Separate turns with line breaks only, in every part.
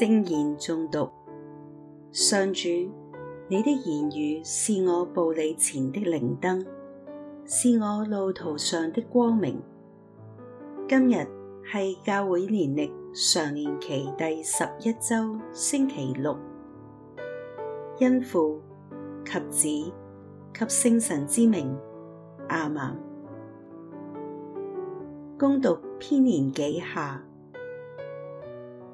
聖言中讀，上主，你的言語是我步履前的靈燈，是我路途上的光明。今日係教會年曆常年期第十一周星期六，因父及子及聖神之名，阿門。恭讀編年紀下。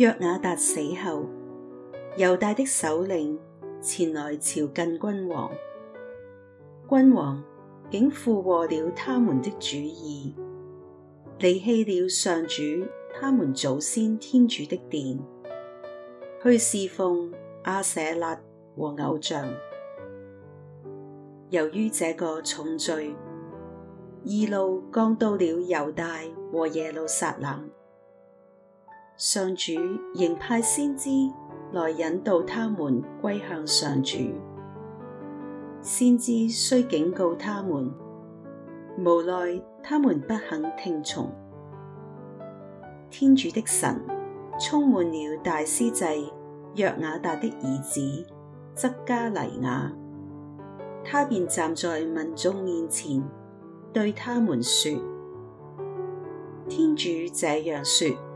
約雅達死後，猶大的首領前來朝覲君王，君王竟附和了他們的主意，離棄了上主他們祖先天主的殿，去事奉阿舍辣和偶像。由於這個重罪，義怒降到了猶大和耶路撒冷。上主仍派先知來引導他們歸向上主，先知雖警告他們，無奈他們不肯聽從。天主的神充滿了大司祭約雅達的兒子則加黎雅，他便站在民眾面前，對他們說：天主這樣說。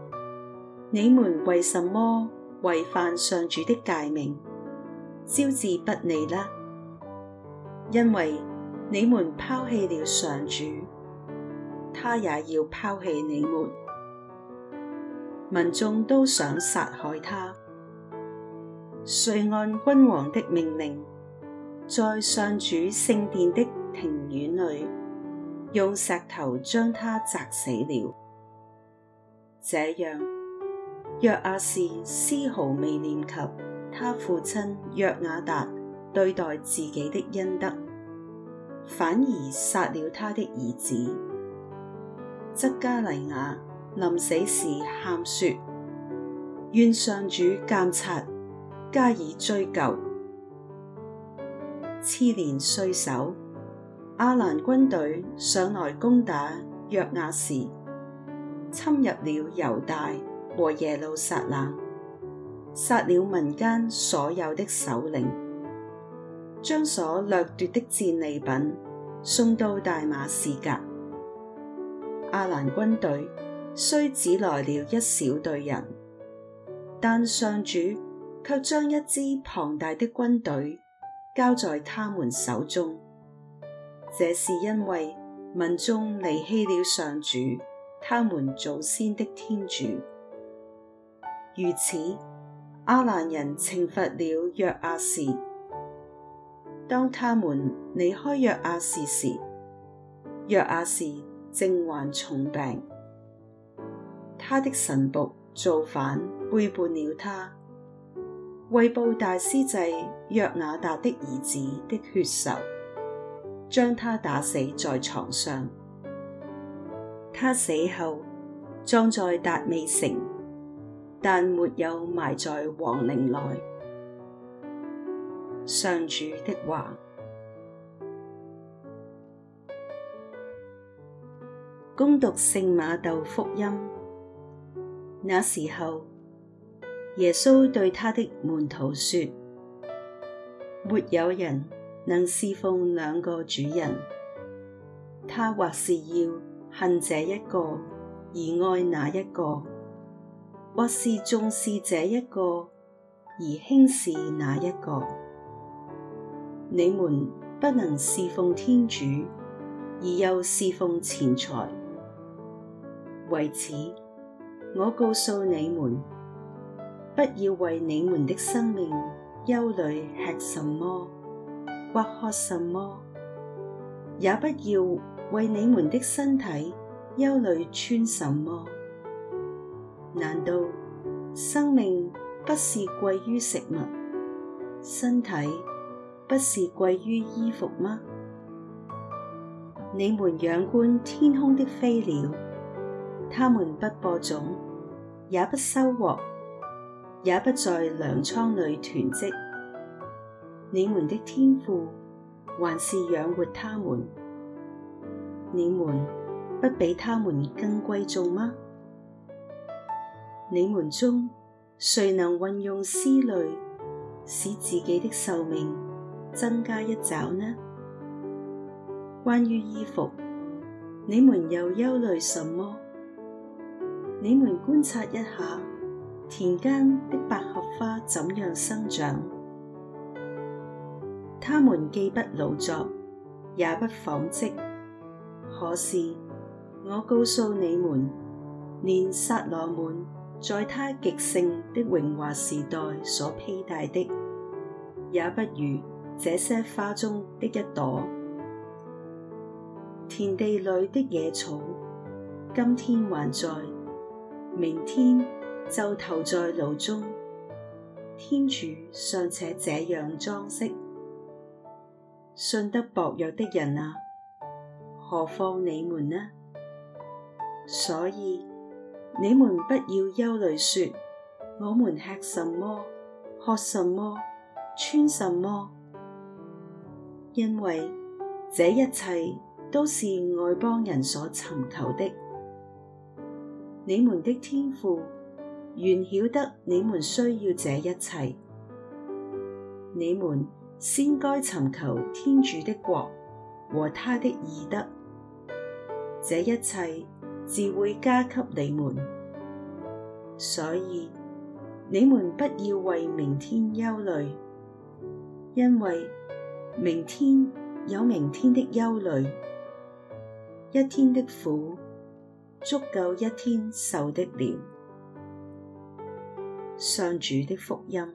你們為什麼違犯上主的誡命，招致不利呢？因為你們拋棄了上主，他也要拋棄你們。民眾都想殺害他，遂按君王的命令，在上主聖殿的庭院裏，用石頭將他砸死了。這樣。約阿士絲毫未念及他父親約雅達對待自己的恩德，反而殺了他的兒子。則加黎雅臨死時喊說：願上主鑒察，加以追究。次年歲首，阿蘭軍隊上來攻打約阿士，侵入了猶大。和耶路撒冷，殺了民間所有的首領，將所掠奪的戰利品送到大馬士革。阿蘭軍隊雖只來了一小隊人，但上主卻將一支龐大的軍隊交在他們手中。這是因為民眾離棄了上主，他們祖先的天主。如此，阿蘭人懲罰了約阿士。當他們離開約阿士時，約阿士正患重病，他的臣僕造反背叛了他，為報大司祭約雅達的兒子的血仇，將他打死在床上。他死後，葬在達味城。但沒有埋在王陵內。上主的話，恭讀聖瑪竇福音。那時候，耶穌對他的門徒說：沒有人能事奉兩個主人，他或是要恨這一個，而愛那一個。或是重視這一個而輕視那一個，你們不能事奉天主而又事奉錢財。為此，我告訴你們，不要為你們的生命憂慮，吃什麼或喝什麼；也不要為你們的身體憂慮，穿什麼。難道生命不是貴於食物，身體不是貴於衣服嗎？你們仰觀天空的飛鳥，他們不播種，也不收穫，也不在糧倉裏囤積，你們的天父還是養活他們；你們不比他們更貴重嗎？你們中誰能運用思慮，使自己的壽命增加一肘呢？關於衣服，你們又憂慮什麼？你們觀察一下田間的百合花怎樣生長，它們既不勞作，也不紡織。可是我告訴你們，連撒羅滿。在他極盛的榮華時代所披戴的，也不如這些花中的一朵。田地裏的野草，今天還在，明天就投在爐中。天主尚且這樣裝飾，信德薄弱的人啊，何況你們呢？所以。你們不要憂慮，說我們吃什麼、喝什麼、穿什麼，因為這一切都是外邦人所尋求的。你們的天父原曉得你們需要這一切，你們先該尋求天主的國和他的義德，這一切。自會加給你們，所以你們不要為明天憂慮，因為明天有明天的憂慮，一天的苦，足夠一天受的了。上主的福音。